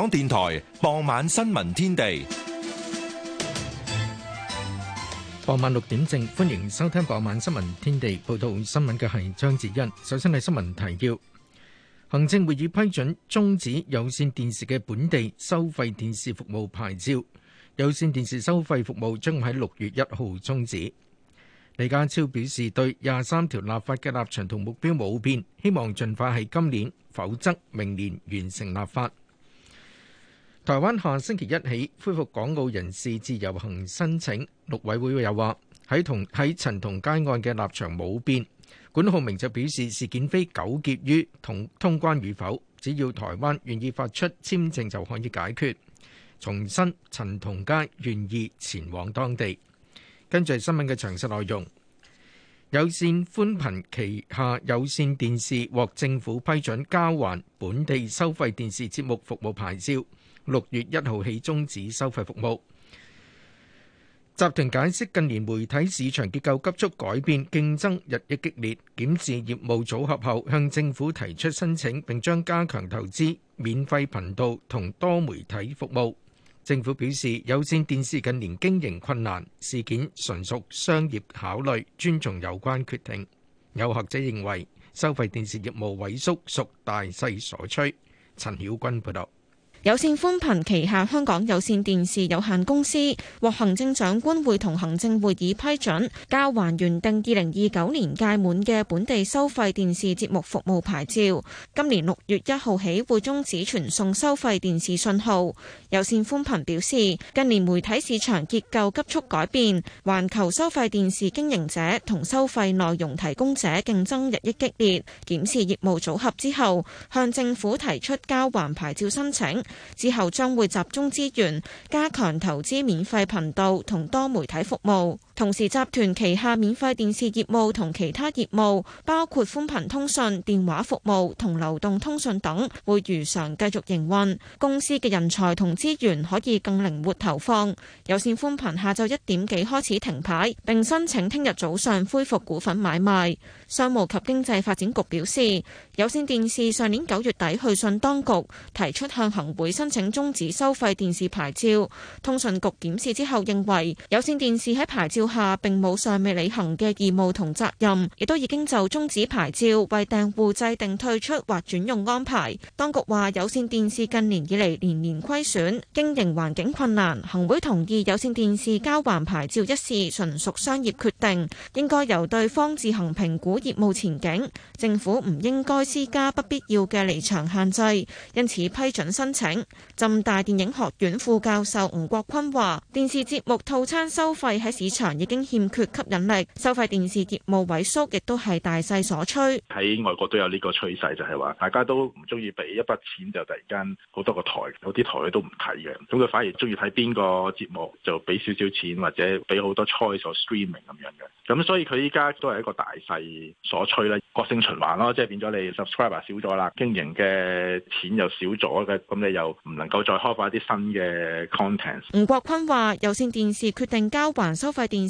港電台傍晚新聞天地，傍晚六點正，歡迎收聽傍晚新聞天地。報道新聞嘅係張智恩。首先係新聞提要：行政會議批准終止有線電視嘅本地收費電視服務牌照。有線電視收費服務將喺六月一號終止。李家超表示，對廿三條立法嘅立場同目標冇變，希望盡快係今年，否則明年完成立法。台灣下星期一起恢復港澳人士自由行申請。陸委會又話喺同喺陳同佳案嘅立場冇變。管浩明就表示事件非糾結於同通關與否，只要台灣願意發出簽證就可以解決。重申，陳同佳願意前往當地。跟住係新聞嘅詳細內容，有線寬頻旗下有線電視獲政府批准交還本地收費電視節目服務牌照。六月一號起終止收費服務。集團解釋近年媒體市場結構急速改變，競爭日益激烈。檢視業務組合後，向政府提出申請，並將加強投資免費頻道同多媒體服務。政府表示有線電視近年經營困難，事件純屬商業考慮，尊重有關決定。有學者認為收費電視業務萎縮屬大勢所趨。陳曉君報導。有綫寬頻旗下香港有綫電視有限公司獲行政長官會同行政會議批准交還原定二零二九年屆滿嘅本地收費電視節目服務牌照，今年六月一號起會終止傳送收費電視信號。有綫寬頻表示，近年媒體市場結構急速改變，環球收費電視經營者同收費內容提供者競爭日益激烈，檢視業務組合之後，向政府提出交還牌照申請。之後將會集中資源，加強投資免費頻道同多媒體服務。同時，集團旗下免費電視業務同其他業務，包括寬頻通訊、電話服務同流動通訊等，會如常繼續營運。公司嘅人才同資源可以更靈活投放。有線寬頻下晝一點幾開始停牌，並申請聽日早上恢復股份買賣。商務及經濟發展局表示，有線電視上年九月底去信當局，提出向行會申請終止收費電視牌照。通訊局檢視之後認為，有線電視喺牌照下並冇尚未履行嘅義務同責任，亦都已經就終止牌照為訂戶制定退出或轉用安排。當局話有線電視近年以嚟連年虧損，經營環境困難，行會同意有線電視交還牌照一事純屬商業決定，應該由對方自行評估業務前景，政府唔應該施加不必要嘅離場限制。因此批准申請。浸大電影學院副教授吳國坤話，電視節目套餐收費喺市場。已經欠缺吸引力，收費電視業務萎縮，亦都係大勢所趨。喺外國都有呢個趨勢，就係話大家都唔中意俾一筆錢就突然間好多個台，有啲台都唔睇嘅，咁佢反而中意睇邊個節目就俾少少錢，或者俾好多 choice streaming 咁樣嘅。咁所以佢依家都係一個大勢所趨啦，惡性循環咯，即係變咗你 subscriber 少咗啦，經營嘅錢又少咗嘅，咁你又唔能夠再開發一啲新嘅 content。吳國坤話：有線電視決定交還收費電視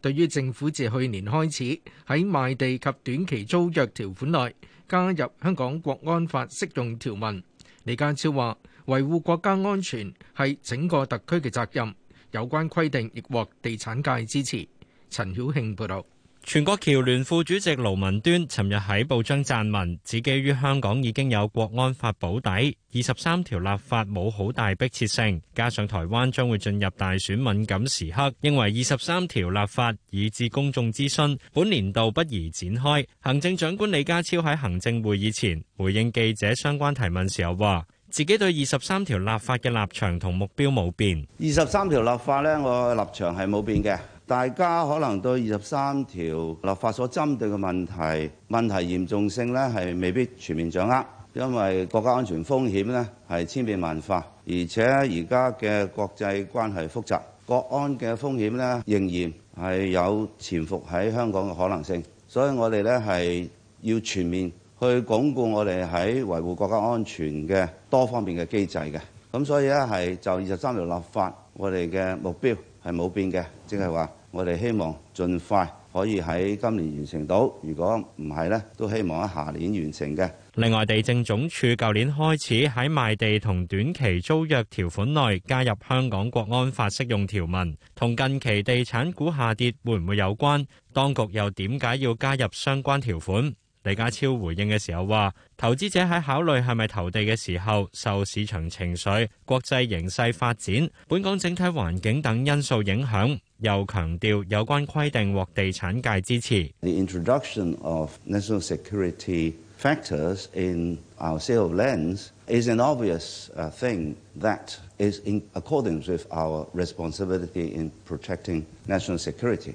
對於政府自去年開始喺賣地及短期租約條款內加入香港國安法適用條文，李家超話：維護國家安全係整個特區嘅責任，有關規定亦獲地產界支持。陳曉慶報道。全國僑聯副主席盧文端尋日喺報章撰文，指基於香港已經有國安法保底，二十三條立法冇好大迫切性，加上台灣將會進入大選敏感時刻，認為二十三條立法以至公眾諮詢，本年度不宜展開。行政長官李家超喺行政會議前回應記者相關提問時候話，自己對二十三條立法嘅立場同目標冇變。二十三條立法呢，我立場係冇變嘅。大家可能對二十三條立法所針對嘅問題、問題嚴重性呢，係未必全面掌握，因為國家安全風險呢係千變萬化，而且而家嘅國際關係複雜，國安嘅風險呢仍然係有潛伏喺香港嘅可能性，所以我哋呢係要全面去鞏固我哋喺維護國家安全嘅多方面嘅機制嘅。咁所以呢係就二十三條立法，我哋嘅目標。係冇變嘅，即係話我哋希望盡快可以喺今年完成到。如果唔係咧，都希望喺下年完成嘅。另外，地政總署舊年開始喺賣地同短期租約條款內加入香港國安法適用條文，同近期地產股下跌會唔會有關？當局又點解要加入相關條款？李家超回應嘅時候話，投資者喺考慮係咪投地嘅時候，受市場情緒、國際形勢發展、本港整體環境等因素影響，又強調有關規定獲地產界支持。The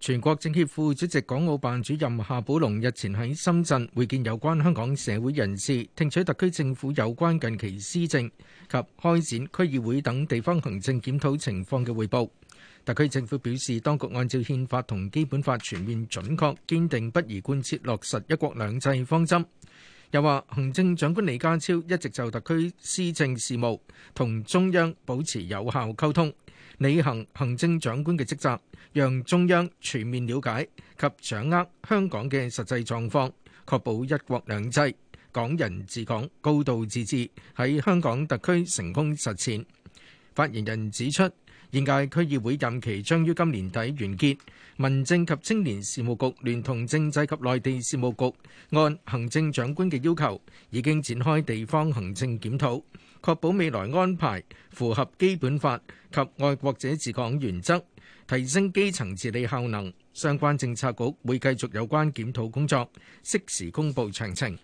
全國政協副主席、港澳辦主任夏寶龍日前喺深圳會見有關香港社會人士，聽取特區政府有關近期施政及開展區議會等地方行政檢討情況嘅匯報。特區政府表示，當局按照憲法同基本法全面、準確、堅定不移貫徹落實一國兩制方針。又話，行政長官李家超一直就特區施政事務同中央保持有效溝通。履行行政長官嘅職責，讓中央全面了解及掌握香港嘅實際狀況，確保一國兩制、港人治港、高度自治，喺香港特區成功實踐。發言人指出。現屆區議會任期將於今年底完結，民政及青年事務局聯同政制及內地事務局，按行政長官嘅要求，已經展開地方行政檢討，確保未來安排符合基本法及愛國者治港原則，提升基層治理效能。相關政策局會繼續有關檢討工作，適時公佈詳情。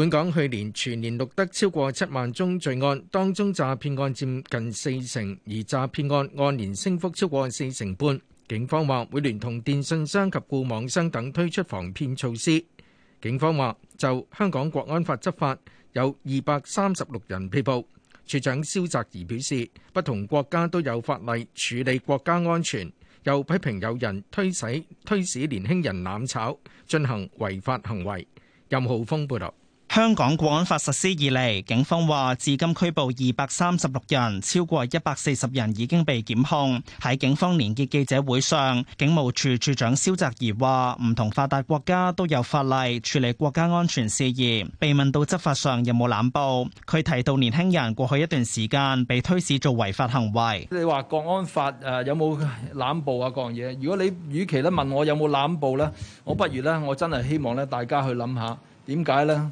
本港去年全年錄得超過七萬宗罪案，當中詐騙案佔近四成，而詐騙案按年升幅超過四成半。警方話會聯同電信商及固網商等推出防騙措施。警方話就香港國安法執法，有二百三十六人被捕。處長蕭澤頤表示，不同國家都有法例處理國家安全，又批評有人推使推使年輕人攬炒進行違法行為，任浩峰報道。香港國安法實施以嚟，警方話至今拘捕二百三十六人，超過一百四十人已經被檢控。喺警方連結記者會上，警務處處長蕭澤頤話：唔同發達國家都有法例處理國家安全事宜。被問到執法上有冇濫捕，佢提到年輕人過去一段時間被推使做違法行為。你話國安法誒有冇濫捕啊？各樣嘢，如果你與其咧問我有冇濫捕呢？我不如呢，我真係希望咧，大家去諗下點解呢。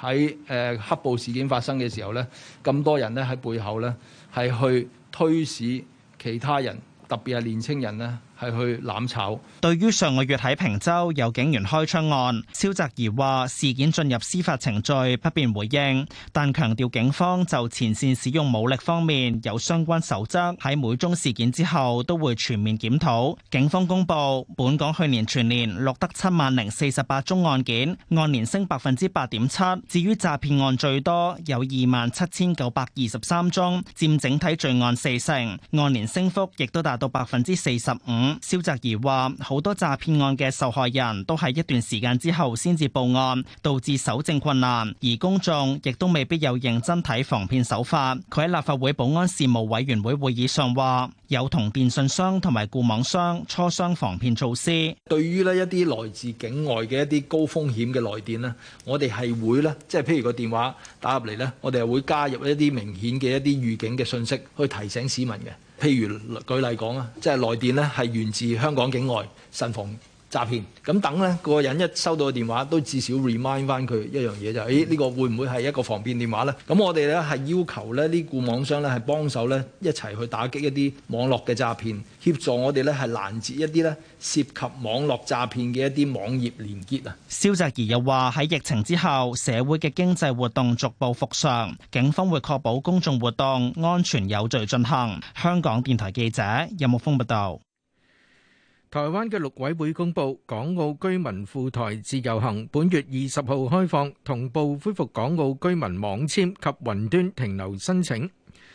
喺黑暴事件發生嘅時候咧，咁多人咧喺背後呢，係去推使其他人，特別係年青人呢。係去攬炒。對於上個月喺坪洲有警員開槍案，蕭澤頤話事件進入司法程序，不便回應，但強調警方就前線使用武力方面有相關守則，喺每宗事件之後都會全面檢討。警方公布，本港去年全年錄得七萬零四十八宗案件，按年升百分之八點七。至於詐騙案最多，有二萬七千九百二十三宗，佔整體罪案四成，按年升幅亦都達到百分之四十五。蕭澤頤話，好多詐騙案嘅受害人都係一段時間之後先至報案，導致搜證困難，而公眾亦都未必有認真睇防騙手法。佢喺立法會保安事務委員會會議上話，有同電信商同埋固網商磋商防騙措施。對於咧一啲來自境外嘅一啲高風險嘅來電咧，我哋係會咧，即係譬如個電話打入嚟咧，我哋係會加入一啲明顯嘅一啲預警嘅訊息去提醒市民嘅。譬如舉例講啊，即係來電呢，係源自香港境外信號。詐騙咁等呢個人一收到個電話，都至少 remind 翻佢一樣嘢就係，咦、嗯，呢個會唔會係一個防騙電話呢？咁我哋呢係要求呢呢個固網商呢係幫手呢一齊去打擊一啲網絡嘅詐騙，協助我哋呢係攔截一啲呢涉及網絡詐騙嘅一啲網頁連結啊。蕭澤頤又話，喺疫情之後，社會嘅經濟活動逐步復常，警方會確保公眾活動安全有序進行。香港電台記者任木峯報道。台灣嘅陸委會公布，港澳居民赴台自由行本月二十號開放，同步恢復港澳居民網簽及雲端停留申請。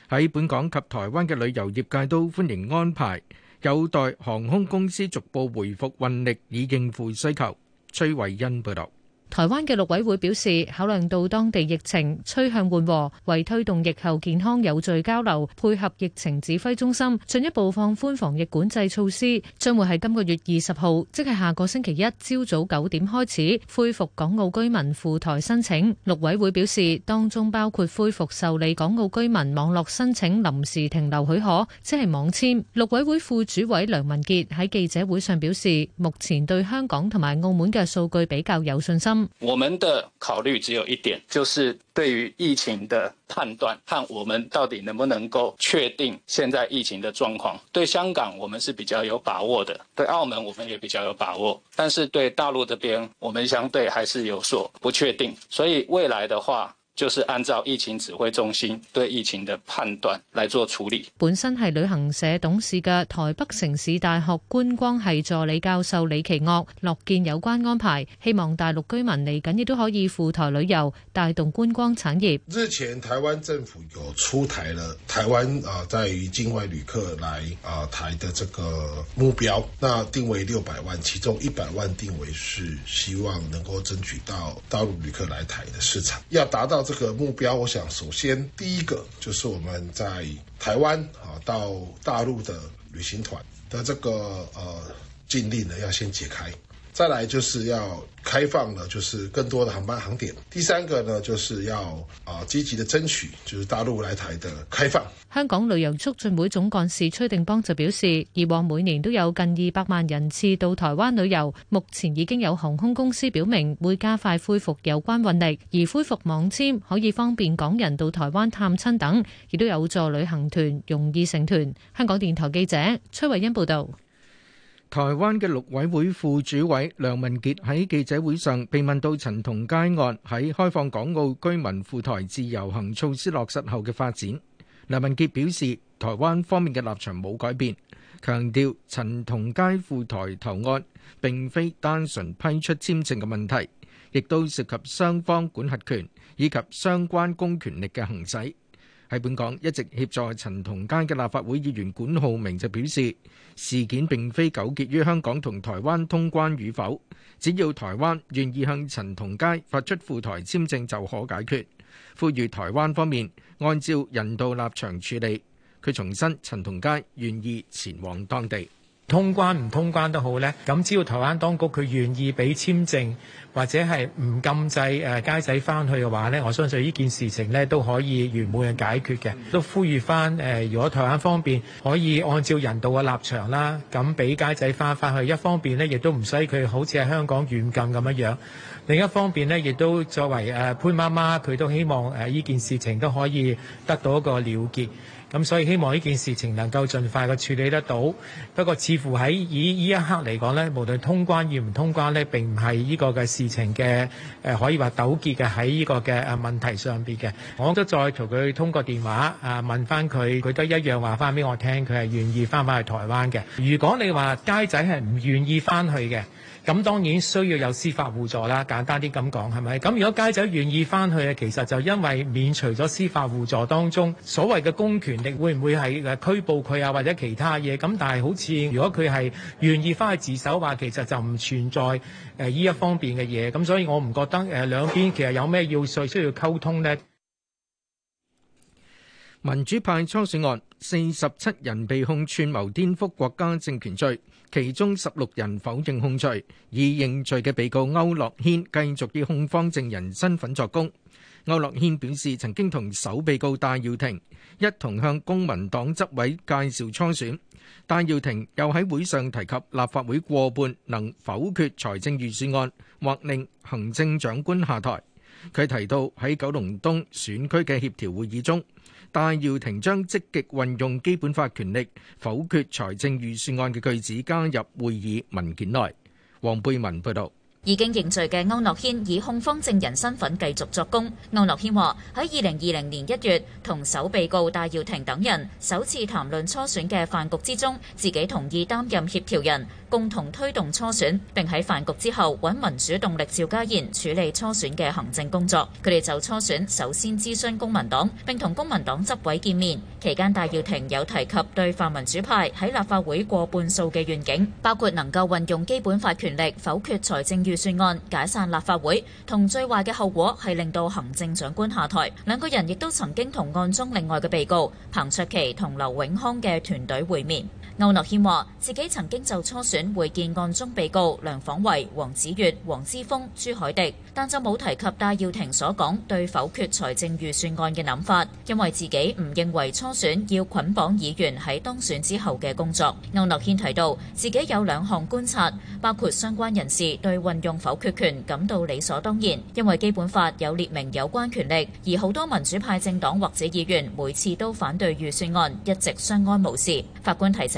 喺本港及台灣嘅旅遊業界都歡迎安排，有待航空公司逐步回復運力以應付需求。崔慧欣報道。台灣嘅陸委會表示，考量到當地疫情趨向緩和，為推動疫後健康有序交流，配合疫情指揮中心進一步放寬防疫管制措施，將會喺今個月二十號，即係下個星期一朝早九點開始，恢復港澳居民赴台申請。陸委會表示，當中包括恢復受理港澳居民網絡申請臨時停留許可，即係網簽。陸委會副主委梁文傑喺記者會上表示，目前對香港同埋澳門嘅數據比較有信心。我們的考慮只有一點，就是對於疫情的判斷，看我們到底能不能夠確定現在疫情的狀況。對香港，我們是比較有把握的；對澳門，我們也比較有把握。但是對大陸這邊，我們相對還是有所不確定。所以未來的話，就是按照疫情指揮中心對疫情的判斷來做處理。本身係旅行社董事嘅台北城市大學觀光系助理教授李奇岳樂見有關安排，希望大陸居民嚟緊亦都可以赴台旅遊，帶動觀光產業。之前台灣政府有出台了台灣啊，在於境外旅客來啊台的這個目標，那定位六百萬，其中一百萬定位是，希望能夠爭取到大陸旅客來台的市場要達到。這個目標，我想首先第一個就是我們在台灣啊到大陸的旅行團的這個呃禁令呢，要先解開。再來就是要開放了，就是更多的航班航點。第三個呢，就是要啊積極的爭取，就是大陸來台的開放。香港旅遊促進會總幹事崔定邦就表示，以往每年都有近二百萬人次到台灣旅遊，目前已經有航空公司表明會加快恢復有關運力，而恢復網簽可以方便港人到台灣探親等，亦都有助旅行團容易成團。香港電台記者崔慧欣報道。台灣嘅陸委會副主委梁文傑喺記者會上被問到陳同佳案喺開放港澳居民赴台自由行措施落實後嘅發展，梁文傑表示，台灣方面嘅立場冇改變，強調陳同佳赴台投案並非單純批出簽證嘅問題，亦都涉及雙方管轄權以及相關公權力嘅行使。喺本港一直協助陳同佳嘅立法會議員管浩明就表示，事件並非糾結於香港同台灣通關與否，只要台灣願意向陳同佳發出赴台簽證就可解決，呼籲台灣方面按照人道立場處理。佢重申陳同佳願意前往當地。通關唔通關都好呢。咁只要台灣當局佢願意俾簽證，或者係唔禁制誒、呃、街仔翻去嘅話呢，我相信呢件事情呢都可以完滿嘅解決嘅。都呼籲翻誒、呃，如果台灣方面，可以按照人道嘅立場啦，咁、啊、俾街仔翻翻去，一方面呢，亦都唔使佢好似喺香港軟禁咁樣樣。另一方面咧，亦都作為誒、呃、潘媽媽，佢都希望誒呢、呃、件事情都可以得到一個了結，咁、呃、所以希望呢件事情能夠盡快嘅處理得到。不過似乎喺以呢一刻嚟講咧，無論通關與唔通關咧，並唔係呢個嘅事情嘅誒、呃、可以話糾結嘅喺呢個嘅啊問題上邊嘅。我都再同佢通過電話啊問翻佢，佢都一樣話翻俾我聽，佢係願意翻返去台灣嘅。如果你話街仔係唔願意翻去嘅，咁當然需要有司法互助啦，簡單啲咁講係咪？咁如果街仔願意翻去嘅，其實就因為免除咗司法互助當中所謂嘅公權力，會唔會係誒拘捕佢啊或者其他嘢？咁但係好似如果佢係願意翻去自首話，其實就唔存在誒呢一方面嘅嘢。咁所以我唔覺得誒兩邊其實有咩要碎需要溝通呢？民主派初選案，四十七人被控串謀顛覆國家政權罪。其中十六人否認控罪，以認罪嘅被告歐樂軒繼續以控方證人身份作供。歐樂軒表示曾經同首被告戴耀廷一同向公民黨執委介紹初選，戴耀廷又喺會上提及立法會過半能否決財政預算案，或令行政長官下台。佢提到，喺九龍東選區嘅協調會議中，戴耀廷將積極運用基本法權力否決財政預算案嘅句子加入會議文件內。黃貝文報導。已經認罪嘅區諾軒以控方證人身份繼續作供。區諾軒話：喺二零二零年一月，同首被告戴耀廷等人首次談論初選嘅飯局之中，自己同意擔任協調人，共同推動初選。並喺飯局之後揾民主動力趙家賢處理初選嘅行政工作。佢哋就初選首先諮詢公民黨，並同公民黨執委見面。期間戴耀廷有提及對泛民主派喺立法會過半數嘅願景，包括能夠運用基本法權力否決財政預算案解散立法會，同最壞嘅後果係令到行政長官下台。兩個人亦都曾經同案中另外嘅被告彭卓棋同劉永康嘅團隊會面。歐諾軒話自己曾經就初選會見案中被告梁訪維,黃子悅,黃之鋒,朱凱迪,但就冇提及戴耀廷所講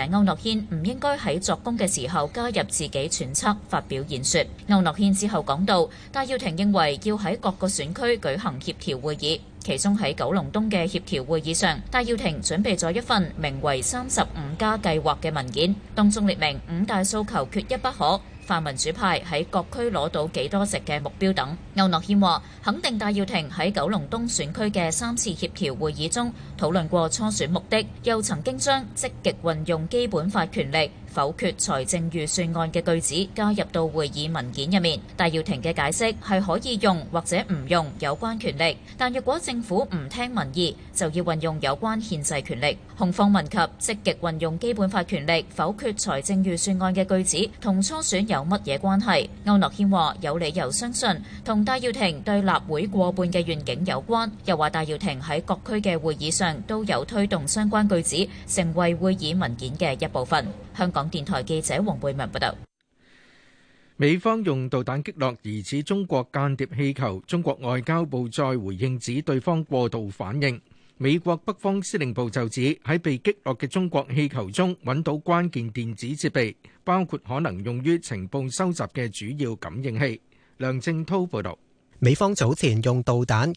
區諾軒唔應該喺作供嘅時候加入自己揣測發表演說。區諾軒之後講到，戴耀廷認為要喺各個選區舉行協調會議，其中喺九龍東嘅協調會議上，戴耀廷準備咗一份名為《三十五加計劃》嘅文件，當中列明五大訴求缺一不可。泛民主派喺各區攞到幾多席嘅目標等，區諾軒話肯定戴耀廷喺九龍東選區嘅三次協調會議中討論過初選目的，又曾經將積極運用基本法權力。否決財政預算案嘅句子加入到會議文件入面，戴耀廷嘅解釋係可以用或者唔用有關權力，但若果政府唔聽民意，就要運用有關憲制權力。控方問及積極運用基本法權力否決財政預算案嘅句子同初選有乜嘢關係？區諾軒話有理由相信同戴耀廷對立會過半嘅願景有關，又話戴耀廷喺各區嘅會議上都有推動相關句子成為會議文件嘅一部分。香港電台記者黃貝文報道，美方用導彈擊落疑似中國間諜氣球，中國外交部再回應指對方過度反應。美國北方司令部就指喺被擊落嘅中國氣球中揾到關鍵電子設備，包括可能用於情報收集嘅主要感應器。梁正濤報道。美方早前用導彈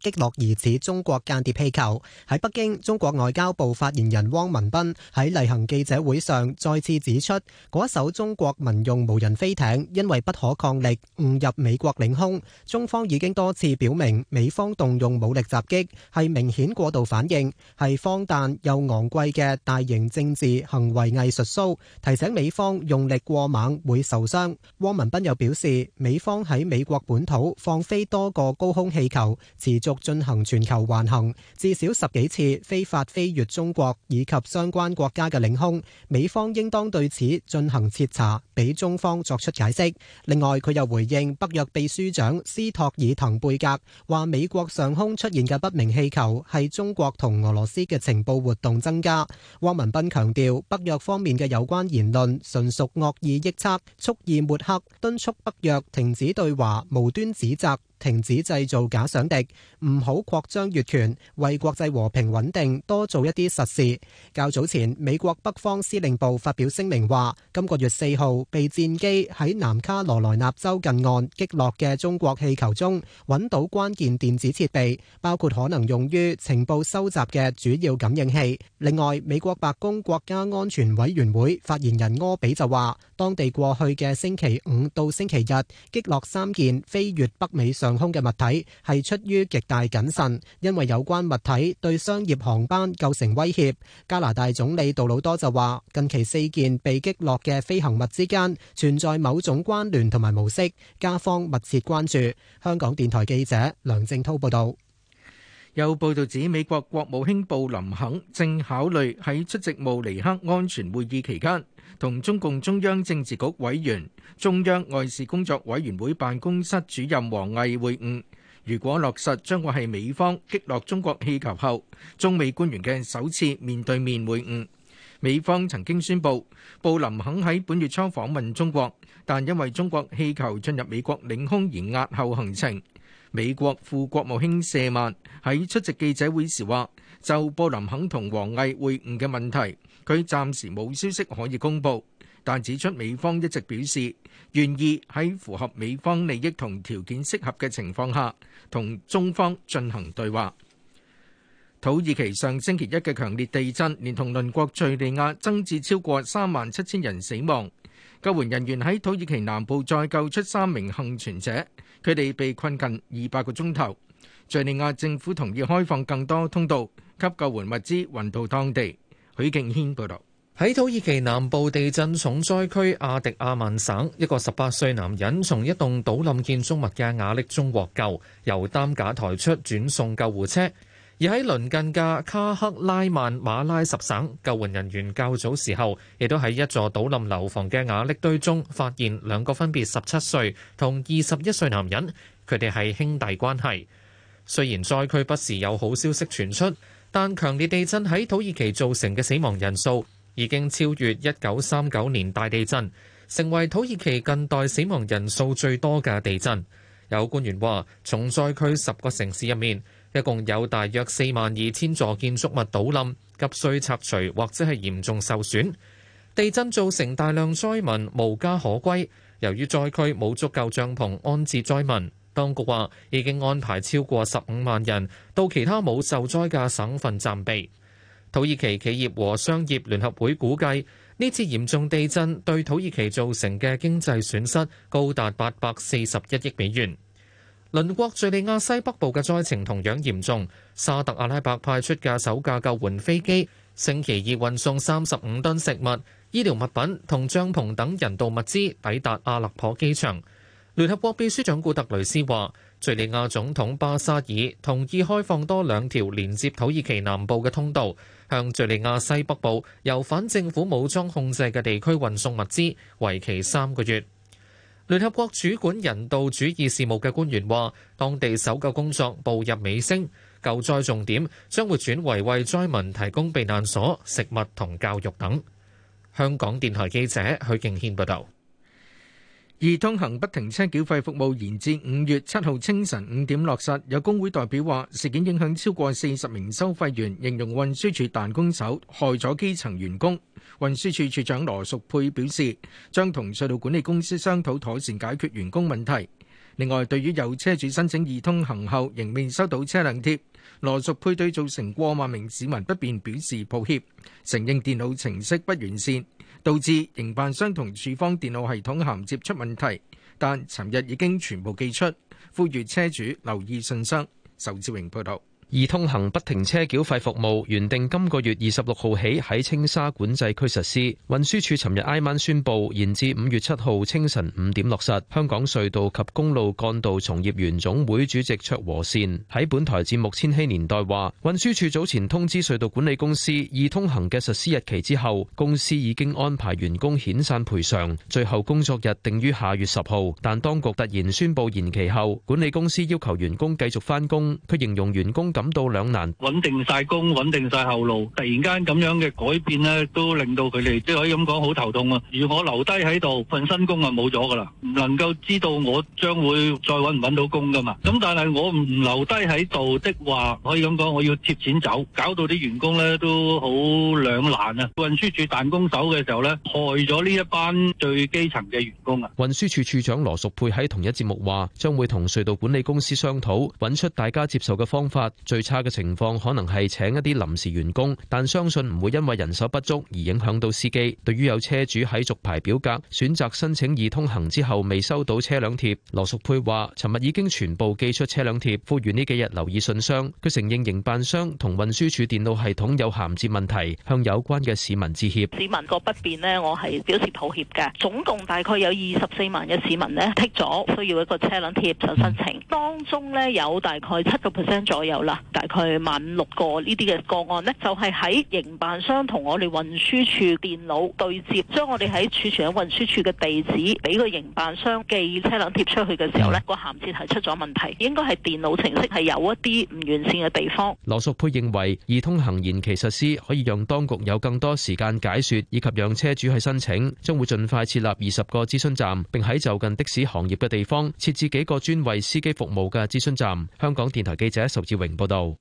個高空氣球持續進行全球環行，至少十幾次非法飛越中國以及相關國家嘅領空，美方應當對此進行徹查，俾中方作出解釋。另外，佢又回應北約秘書長斯托爾滕貝格話，美國上空出現嘅不明氣球係中國同俄羅斯嘅情報活動增加。汪文斌強調，北約方面嘅有關言論純屬惡意臆測，蓄意抹黑，敦促北約停止對華無端指責。停止製造假想敵，唔好擴張越權，為國際和平穩定多做一啲實事。較早前，美國北方司令部發表聲明話，今個月四號被戰機喺南卡羅來納州近岸擊落嘅中國氣球中揾到關鍵電子設備，包括可能用於情報收集嘅主要感應器。另外，美國白宮國家安全委員會發言人柯比就話，當地過去嘅星期五到星期日擊落三件飛越北美上上空嘅物體係出於極大謹慎，因為有關物體對商業航班構成威脅。加拿大總理杜魯多就話，近期四件被擊落嘅飛行物之間存在某種關聯同埋模式，加方密切關注。香港電台記者梁靜濤報道。有報道指美國國務卿布林肯正考慮喺出席慕尼黑安全會議期間，同中共中央政治局委員，中央外事工作委員會辦公室主任王毅會晤。如果落實，將會係美方擊落中國氣球後，中美官員的首次面對面會晤。美方曾經宣布布林肯喺本月初訪問中國，但因為中國氣球進入美國領空而押後行程。美國副國務卿舍曼喺出席記者會時話：就布林肯同王毅會晤嘅問題，佢暫時冇消息可以公布，但指出美方一直表示願意喺符合美方利益同條件適合嘅情況下，同中方進行對話。土耳其上星期一嘅強烈地震，連同鄰國敘利亞，增至超過三萬七千人死亡。救援人員喺土耳其南部再救出三名幸存者，佢哋被困近二百個鐘頭。敘利亞政府同意開放更多通道，給救援物資運到當地。許敬軒報道。喺土耳其南部地震重災區阿迪亞曼省，一個十八歲男人從一棟倒冧建築物嘅瓦礫中獲救，由擔架抬出轉送救護車。而喺鄰近嘅卡克拉曼馬拉什省，救援人員較早時候亦都喺一座倒冧樓房嘅瓦礫堆中發現兩個分別十七歲同二十一歲男人，佢哋係兄弟關係。雖然災區不時有好消息傳出，但強烈地震喺土耳其造成嘅死亡人數已經超越一九三九年大地震，成為土耳其近代死亡人數最多嘅地震。有官員話，重災區十個城市入面，一共有大約四萬二千座建築物倒冧，急需拆除或者係嚴重受損，地震造成大量災民無家可歸，由於災區冇足夠帳篷安置災民，當局話已經安排超過十五萬人到其他冇受災嘅省份暫避。土耳其企業和商業聯合會估計，呢次嚴重地震對土耳其造成嘅經濟損失高達八百四十一億美元。鄰國敘利亞西北部嘅災情同樣嚴重。沙特阿拉伯派出架首架救援飛機星期二運送35噸食物、醫療物品同帳篷等人道物資抵達阿勒頗機場。聯合國秘書長古特雷斯話，敘利亞總統巴沙爾同意開放多兩條連接土耳其南部嘅通道，向敘利亞西北部由反政府武裝控制嘅地區運送物資，為期三個月。聯合國主管人道主義事務嘅官員話，當地搜救工作步入尾聲，救災重點將會轉為為災民提供避難所、食物同教育等。香港電台記者許敬軒報導。易通行不停車繳費服務延至五月七號清晨五點落實。有工會代表話，事件影響超過四十名收費員，形容運輸署彈弓手害咗基層員工。運輸署署長羅淑佩表示，將同隧道管理公司商討妥善解決員工問題。另外，對於有車主申請易通行後仍未收到車輛貼，羅淑佩對造成過萬名市民不便表示抱歉，承認電腦程式不完善。導致營辦商同處方電腦系統銜接出問題，但尋日已經全部寄出，呼籲車主留意信箱。仇志榮報導。易通行不停車繳費服務，原定今個月二十六號起喺青沙管制區實施，運輸署尋日挨晚宣佈延至五月七號清晨五點落實。香港隧道及公路幹道從業員總會主席卓和善喺本台節目《千禧年代》話，運輸署早前通知隧道管理公司易通行嘅實施日期之後，公司已經安排員工遣散賠償，最後工作日定於下月十號，但當局突然宣佈延期後，管理公司要求員工繼續翻工，佢形容員工。感到兩難，穩定晒工，穩定晒後路，突然間咁樣嘅改變咧，都令到佢哋即係可以咁講好頭痛啊！如果留低喺度份新工啊，冇咗噶啦，唔能夠知道我將會再搵唔搵到工噶嘛？咁但係我唔留低喺度的話，可以咁講，我要貼錢走，搞到啲員工咧都好兩難啊！運輸處彈弓手嘅時候咧，害咗呢一班最基層嘅員工啊！運輸處處長羅淑佩喺同一節目話，將會同隧道管理公司商討，揾出大家接受嘅方法。最差嘅情況可能係請一啲臨時員工，但相信唔會因為人手不足而影響到司機。對於有車主喺續牌表格選擇申請易通行之後未收到車輛貼，羅淑佩話：尋日已經全部寄出車輛貼，呼籲呢幾日留意信箱。佢承認營辦商同運輸署電腦系統有銜接問題，向有關嘅市民致歉。市民個不便呢，我係表示抱歉嘅。總共大概有二十四萬嘅市民呢剔咗需要一個車輛貼就申請，當中呢，有大概七個 percent 左右啦。大概萬六個呢啲嘅個案呢，就係喺營辦商同我哋運輸處電腦對接，將我哋喺儲存喺運輸處嘅地址俾個營辦商寄車輛貼出去嘅時候呢，那個銜接係出咗問題，應該係電腦程式係有一啲唔完善嘅地方。羅淑佩認為，易通行延期實施，可以讓當局有更多時間解説，以及讓車主去申請，將會盡快設立二十個諮詢站，並喺就近的士行業嘅地方設置幾個專為司機服務嘅諮詢站。香港電台記者仇志榮。報導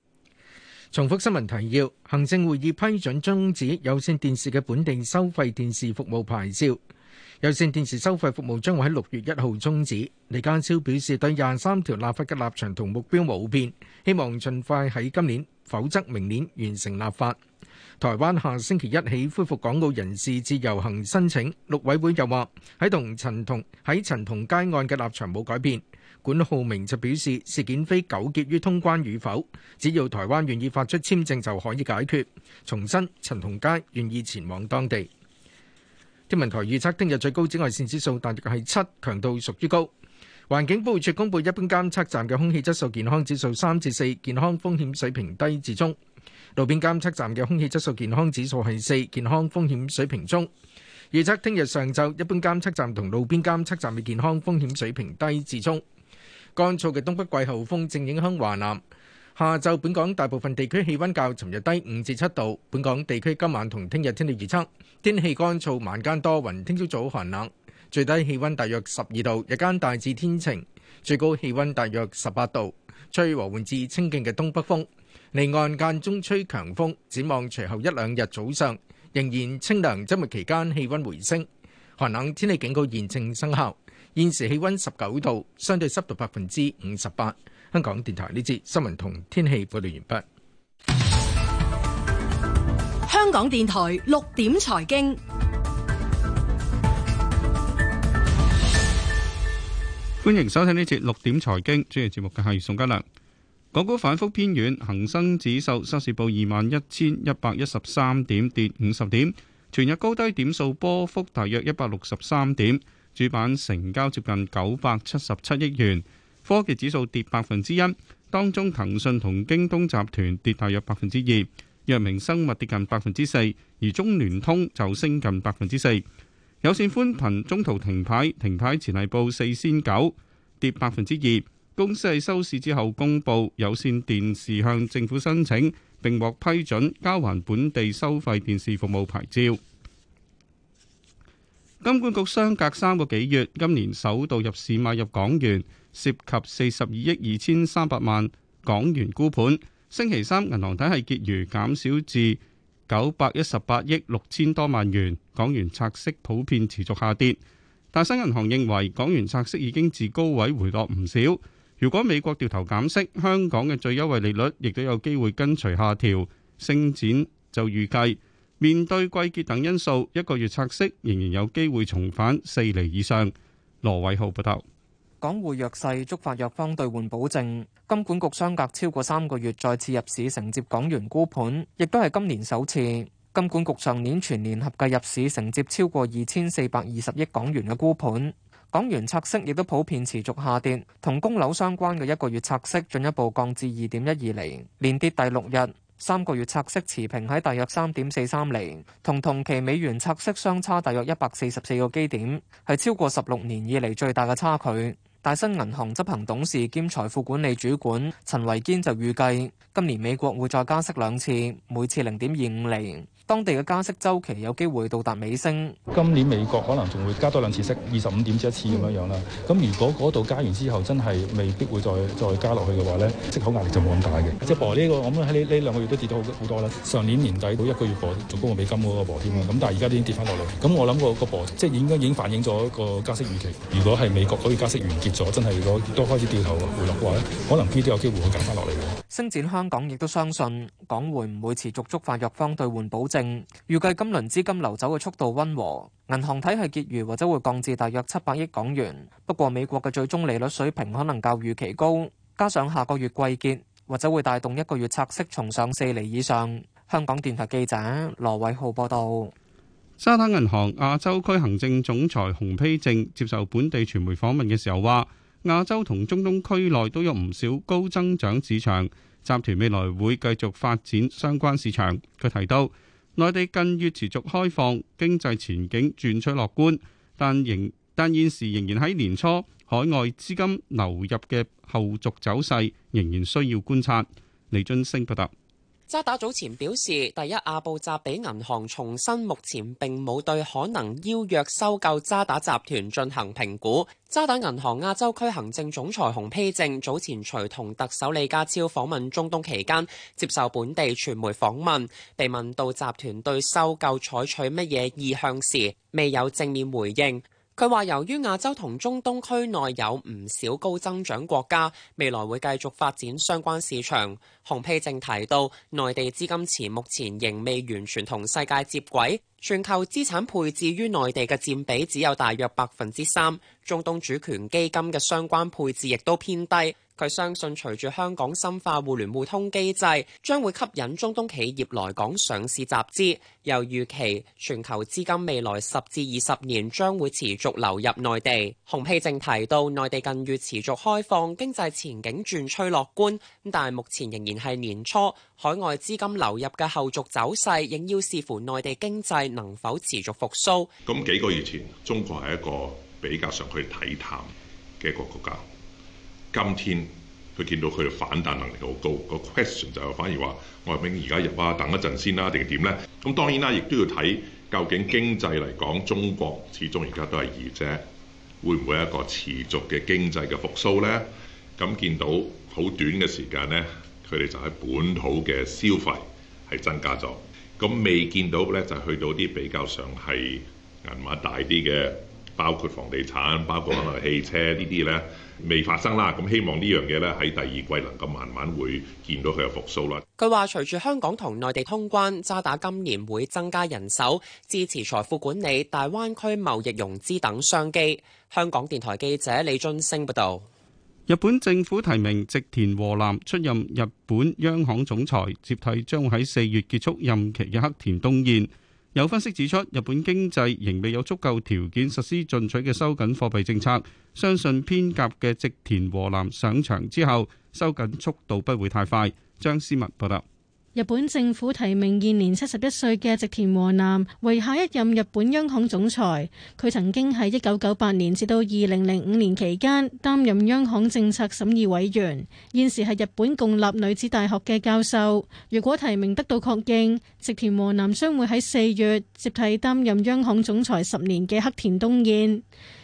重複新聞提要：行政會議批准終止有線電視嘅本地收費電視服務牌照。有線電視收費服務將會喺六月一號終止。李家超表示，對廿三條立法嘅立場同目標冇變，希望盡快喺今年，否則明年完成立法。台灣下星期一起恢復港澳人士自由行申請。陸委會又話，喺同陳同喺陳同佳案嘅立場冇改變。管浩明就表示，事件非糾結於通關與否，只要台灣願意發出簽證就可以解決。重申陳同佳願意前往當地。天文台預測聽日最高紫外線指數大約係七，強度屬於高。環境保護署公布一般監測站嘅空氣質素健康指數三至四，健康風險水平低至中。路邊監測站嘅空氣質素健康指數係四，健康風險水平中。預測聽日上晝一般監測站同路邊監測站嘅健康風險水平低至中。乾燥嘅東北季候風正影響華南。下晝本港大部分地區氣溫較尋日低五至七度。本港地區今晚同聽日天氣預測：天氣乾燥，晚間多雲，聽朝早寒冷，最低氣溫大約十二度，日間大致天晴，最高氣溫大約十八度，吹和緩至清勁嘅東北風。離岸間中吹強風。展望隨後一兩日早上仍然清涼，週末期間氣溫回升，寒冷天氣警告現正生效。現時氣溫十九度，相對濕度百分之五十八。香港電台呢節新聞同天氣報道完畢。香港電台六點財經，歡迎收聽呢節六點財經。主持節目嘅係宋嘉良。港股反復偏軟，恒生指數收市報二萬一千一百一十三點，跌五十點，全日高低點數波幅大約一百六十三點。主板成交接近九百七十七億元，科技指數跌百分之一，當中騰訊同京東集團跌大約百分之二，藥明生物跌近百分之四，而中聯通就升近百分之四。有線寬頻中途停牌，停牌前係報四千九，跌百分之二。公司喺收市之後公佈有線電視向政府申請並獲批准交還本地收費電視服務牌照。金管局相隔三個幾月，今年首度入市買入港元，涉及四十二億二千三百萬港元沽盤。星期三銀行體系結餘減少至九百一十八億六千多萬元，港元拆息普遍持續下跌。大新銀行認為港元拆息已經至高位回落唔少。如果美國掉頭減息，香港嘅最優惠利率亦都有機會跟隨下調。星展就預計，面對季結等因素，一個月拆息仍然有機會重返四厘以上。羅偉浩報道，港匯弱勢觸發弱方兌換保證，金管局相隔超過三個月再次入市承接港元沽盤，亦都係今年首次。金管局上年全年合計入市承接超過二千四百二十億港元嘅沽盤，港元拆息亦都普遍持續下跌，同供樓相關嘅一個月拆息進一步降至二點一二厘，連跌第六日。三個月拆息持平喺大約三點四三厘，同同期美元拆息相差大約一百四十四個基點，係超過十六年以嚟最大嘅差距。大新銀行執行董事兼財富管理主管陳維堅就預計，今年美國會再加息兩次，每次零點二五厘。當地嘅加息週期有機會到達尾聲。今年美國可能仲會加多兩次息，二十五點至一次咁樣樣啦。咁如果嗰度加完之後，真係未必會再再加落去嘅話咧，息口壓力就冇咁大嘅。即係呢、這個，我諗喺呢呢兩個月都跌到好好多啦。上年年底到一個月薄仲高過美金嗰個薄添嘅，咁但係而家都已經跌翻落嚟。咁我諗過嗰薄即係已經已經反映咗一個加息預期。如果係美國可以加息完結咗，真係如果都開始掉頭回落嘅話咧，可能 P 都有機會會減翻落嚟。星展香港亦都相信港匯唔會持續觸發藥方兌換保證，預計今輪資金流走嘅速度溫和，銀行體系結餘或者會降至大約七百億港元。不過美國嘅最終利率水平可能較預期高，加上下個月季結，或者會帶動一個月拆息重上四厘以上。香港電台記者羅偉浩報道。渣打銀行亞洲區行政總裁洪丕正接受本地傳媒訪問嘅時候話，亞洲同中東區內都有唔少高增長市場，集團未來會繼續發展相關市場。佢提到，內地近月持續開放，經濟前景轉趨樂觀，但仍但現時仍然喺年初海外資金流入嘅後續走勢仍然需要觀察。李津升不特。渣打早前表示，第一阿布扎比銀行重申目前並冇對可能邀約收購渣打集團進行評估。渣打銀行亞洲區行政總裁洪丕正早前隨同特首李家超訪問中東期間，接受本地傳媒訪問，被問到集團對收購採取乜嘢意向時，未有正面回應。佢話：由於亞洲同中東區內有唔少高增長國家，未來會繼續發展相關市場。洪丕正提到，內地資金池目前仍未完全同世界接軌，全球資產配置於內地嘅佔比只有大約百分之三，中東主權基金嘅相關配置亦都偏低。佢相信，隨住香港深化互聯互通機制，將會吸引中東企業來港上市集資，又預期全球資金未來十至二十年將會持續流入內地。洪佩正提到，內地近月持續開放經濟前景，轉趨樂觀，但係目前仍然係年初海外資金流入嘅後續走勢仍要視乎內地經濟能否持續復甦，咁幾個月前，中國係一個比較上去睇淡嘅一個國家。今天佢見到佢嘅反彈能力好高，個 question 就反而話：外邊而家入啊，等一陣先啦，啊，定係點呢？咁當然啦，亦都要睇究竟經濟嚟講，中國始終而家都係二隻，會唔會有一個持續嘅經濟嘅復甦呢？咁見到好短嘅時間呢，佢哋就喺本土嘅消費係增加咗。咁未見到呢，就去到啲比較上係銀碼大啲嘅。包括房地產、包括可能汽車呢啲呢，未發生啦。咁希望呢樣嘢呢，喺第二季能夠慢慢會見到佢嘅復甦啦。佢話：隨住香港同內地通關，渣打今年會增加人手，支持財富管理、大灣區貿易融資等商機。香港電台記者李津星報道：「日本政府提名植田和男出任日本央行總裁，接替將喺四月結束任期嘅黑田東彥。」有分析指出，日本經濟仍未有足夠條件實施進取嘅收緊貨幣政策，相信偏夾嘅植田和男上場之後收緊速度不會太快。張思文報道。日本政府提名現年七十一歲嘅植田和男為下一任日本央行總裁。佢曾經喺一九九八年至到二零零五年期間擔任央行政策審議委員，現時係日本共立女子大學嘅教授。如果提名得到確認，植田和男將會喺四月接替擔任央行總裁十年嘅黑田東彥。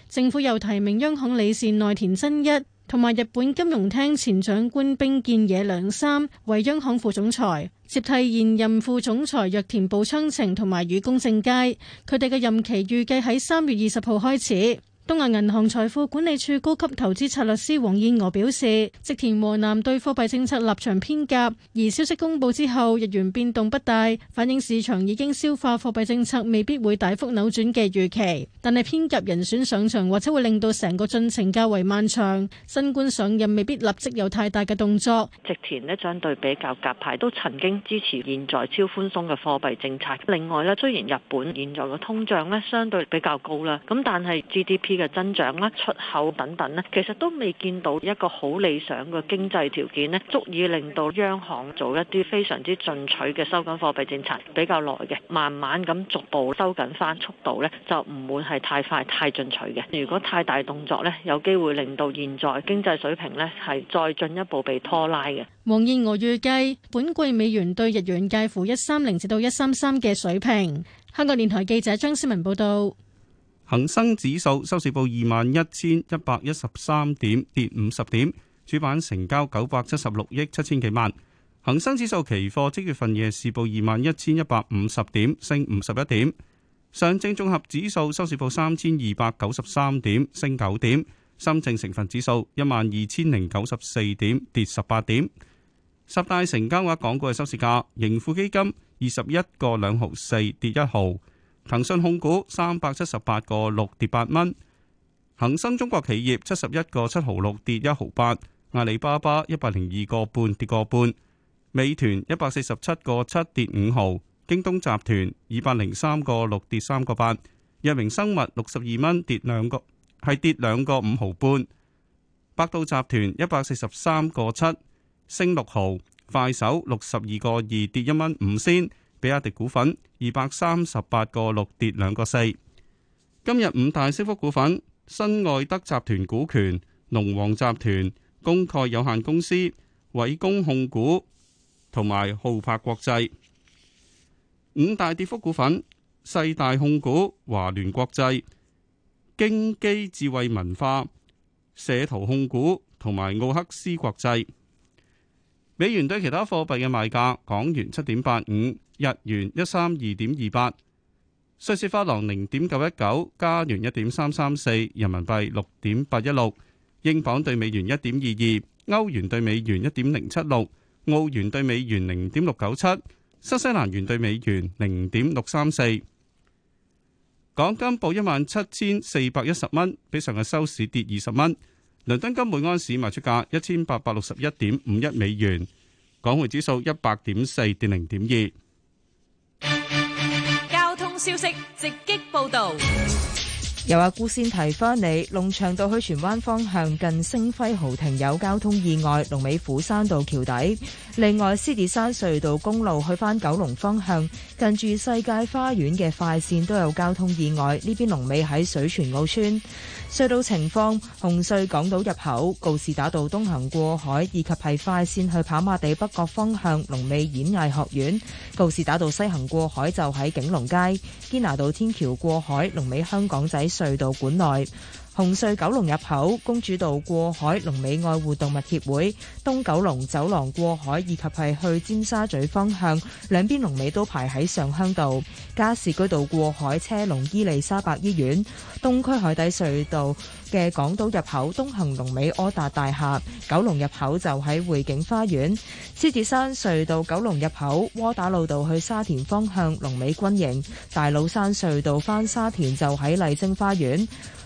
政府又提名央行理事內田真一，同埋日本金融廳前長官冰見野良三為央行副總裁，接替現任副總裁若田部昌澄同埋雨宮正佳，佢哋嘅任期預計喺三月二十號開始。東亞銀行財富管理處高級投資策略師黃燕娥表示，直田和男對貨幣政策立場偏鴿，而消息公布之後日元變動不大，反映市場已經消化貨幣政策未必會大幅扭轉嘅預期。但係偏鴿人選上場或者會令到成個進程較為漫長。新官上任未必立即有太大嘅動作。直田呢相對比較鴿派，都曾經支持現在超寬鬆嘅貨幣政策。另外咧，雖然日本現在嘅通脹呢相對比較高啦，咁但係 GDP 嘅增長啦、出口等等咧，其實都未見到一個好理想嘅經濟條件咧，足以令到央行做一啲非常之進取嘅收緊貨幣政策比較耐嘅，慢慢咁逐步收緊翻速度呢就唔會係太快太進取嘅。如果太大動作呢有機會令到現在經濟水平呢係再進一步被拖拉嘅。黃燕娥預計本季美元對日元介乎一三零至到一三三嘅水平。香港電台記者張思文報道。恒生指數收市報二萬一千一百一十三點，跌五十點。主板成交九百七十六億七千幾萬。恒生指數期貨即月份夜市報二萬一千一百五十點，升五十一點。上證綜合指數收市報三千二百九十三點，升九點。深證成分指數一萬二千零九十四點，跌十八點。十大成交額港股嘅收市價，盈富基金二十一個兩毫四，跌一毫。騰訊控股三百七十八個六跌八蚊，恒生中國企業七十一個七毫六跌一毫八，阿里巴巴一百零二個半跌個半，美團一百四十七個七跌五毫，京東集團二百零三個六跌三個八，藥明生物六十二蚊跌兩個係跌兩個五毫半，百度集團一百四十三個七升六毫，快手六十二個二跌一蚊五仙。比亞迪股份二百三十八個六跌兩個四。今日五大升幅股份，新愛德集團股權、龍王集團、公蓋有限公司、偉工控股同埋浩柏國際。五大跌幅股份，世大控股、華聯國際、京基智慧文化、社圖控股同埋奧克斯國際。美元對其他貨幣嘅賣價：港元七點八五，日元一三二點二八，瑞士法郎零點九一九，加元一點三三四，人民幣六點八一六，英鎊對美元一點二二，歐元對美元一點零七六，澳元對美元零點六九七，新西蘭元對美元零點六三四。港金報一萬七千四百一十蚊，比上日收市跌二十蚊。倫敦金每安士賣出價一千八百六十一點五一美元，港匯指數一百點四跌零點二。交通消息直擊報道，由阿姑先提翻你，龍翔道去荃灣方向近星輝豪庭有交通意外，龍尾虎山道橋底。 另外，獅子山隧道公路去翻九龍方向。近住世界花園嘅快線都有交通意外，呢邊龍尾喺水泉澳村隧道情況，紅隧港島入口告士打道東行過海以及係快線去跑馬地北角方向龍尾演藝學院，告士打道西行過海就喺景隆街堅拿道天橋過海龍尾香港仔隧道管內。紅隧九龍入口、公主道過海、龍尾愛護動物協會、東九龍走廊過海，以及係去尖沙咀方向兩邊龍尾都排喺上鄉道、加士居道過海車龍、伊利沙白醫院、東區海底隧道嘅港島入口、東行龍尾柯達大廈、九龍入口就喺匯景花園、獅子山隧道九龍入口、窩打老道去沙田方向龍尾軍營、大老山隧道返沙田就喺麗晶花園。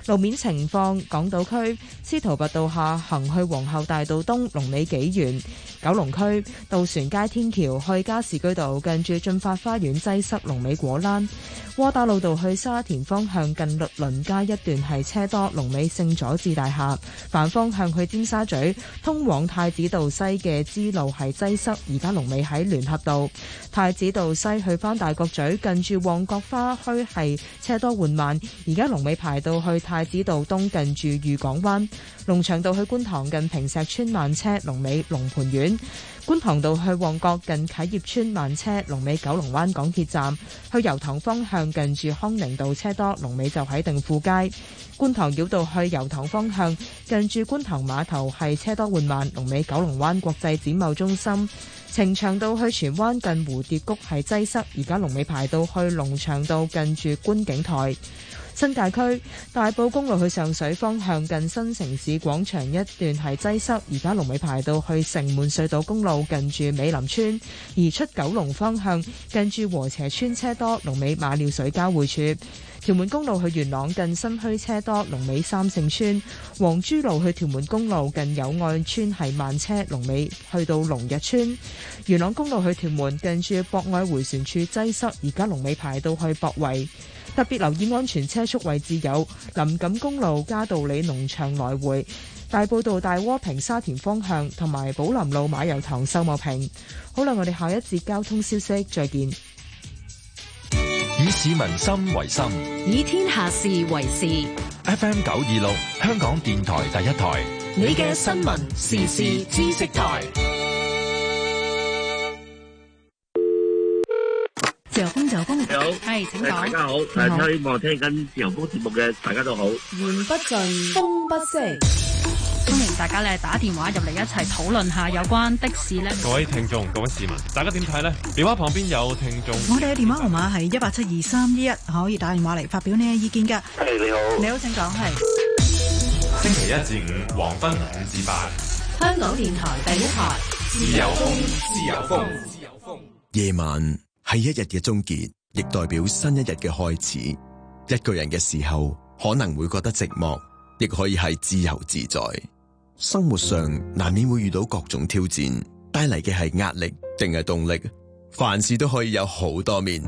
路面情況，港島區司徒拔道下行去皇后大道東龍尾紀元，九龍區渡船街天橋去加士居道近住駿發花園擠塞，龍尾果欄。窩打老道去沙田方向近律倫街一段係車多，龍尾聖佐治大廈。反方向去尖沙咀通往太子道西嘅支路係擠塞，而家龍尾喺聯合道。太子道西去翻大角咀近住旺角花墟係車多緩慢，而家龍尾排到去太。太子道東近住御港灣，龍翔道去觀塘近坪石村慢車，龍尾龍蟠苑。觀塘道去旺角近啟業邨慢車，龍尾九龍灣港鐵站；去油塘方向近住康寧道車多，龍尾就喺定富街。觀塘繞道去油塘方向近住觀塘碼頭係車多緩慢，龍尾九龍灣國際展貿中心。呈祥道去荃灣近蝴蝶谷係擠塞，而家龍尾排到去龍翔道近住觀景台。新界區大埔公路去上水方向近新城市廣場一段係擠塞，而家龍尾排到去城門隧道公路。近住美林村，而出九龍方向，近住禾輋村車多，龍尾馬料水交匯處；屯門公路去元朗近新墟車多，龍尾三聖村；黃珠路去屯門公路近友愛村係慢車，龍尾去到龍日村；元朗公路去屯門近住博愛回旋處擠塞，而家龍尾排到去博圍。特別留意安全車速位置有林錦公路嘉道理農場來回。大埔道大窩坪沙田方向同埋寶林路馬油塘秀茂坪。好啦，我哋下一節交通消息再見。以市民心為心，以天下事為事。FM 九二六，香港電台第一台，你嘅新聞時事知識台。自由風，自由風，係 Hello. 大家好，大家好，希望聽緊自由風節目嘅大家都好。好言不盡，風不息。歡迎大家咧打電話入嚟一齊討論下有關的士咧。各位聽眾、各位市民，大家點睇呢？電話旁邊有聽眾。我哋嘅電話號碼係一八七二三一一，可以打電話嚟發表你嘅意見噶。你好，你好，請講。係星期一至五黃昏五至八，香港電台第一台，自由風，自由風，自由風。夜晚係一日嘅終結，亦代表新一日嘅開始。一個人嘅時候，可能會覺得寂寞。亦可以係自由自在，生活上難免會遇到各種挑戰，帶嚟嘅係壓力定係動力？凡事都可以有好多面，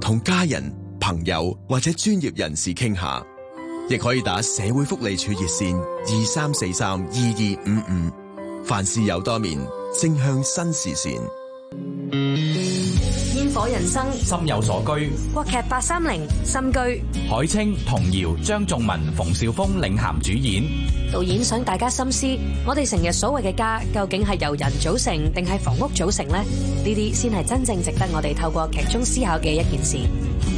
同家人、朋友或者專業人士傾下，亦可以打社會福利處熱線二三四三二二五五。凡事有多面，正向新視線。火人生，心有所居。國劇八三零心居，海清、童瑤、張仲文、馮紹峰領銜主演。導演想大家深思：我哋成日所謂嘅家，究竟係由人組成，定係房屋組成呢？呢啲先係真正值得我哋透過劇中思考嘅一件事。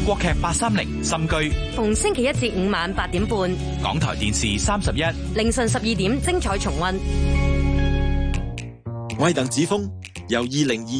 國劇八三零心居，逢星期一至五晚八點半，港台電視三十一，凌晨十二點精彩重溫。我係鄧子峰，由二零二。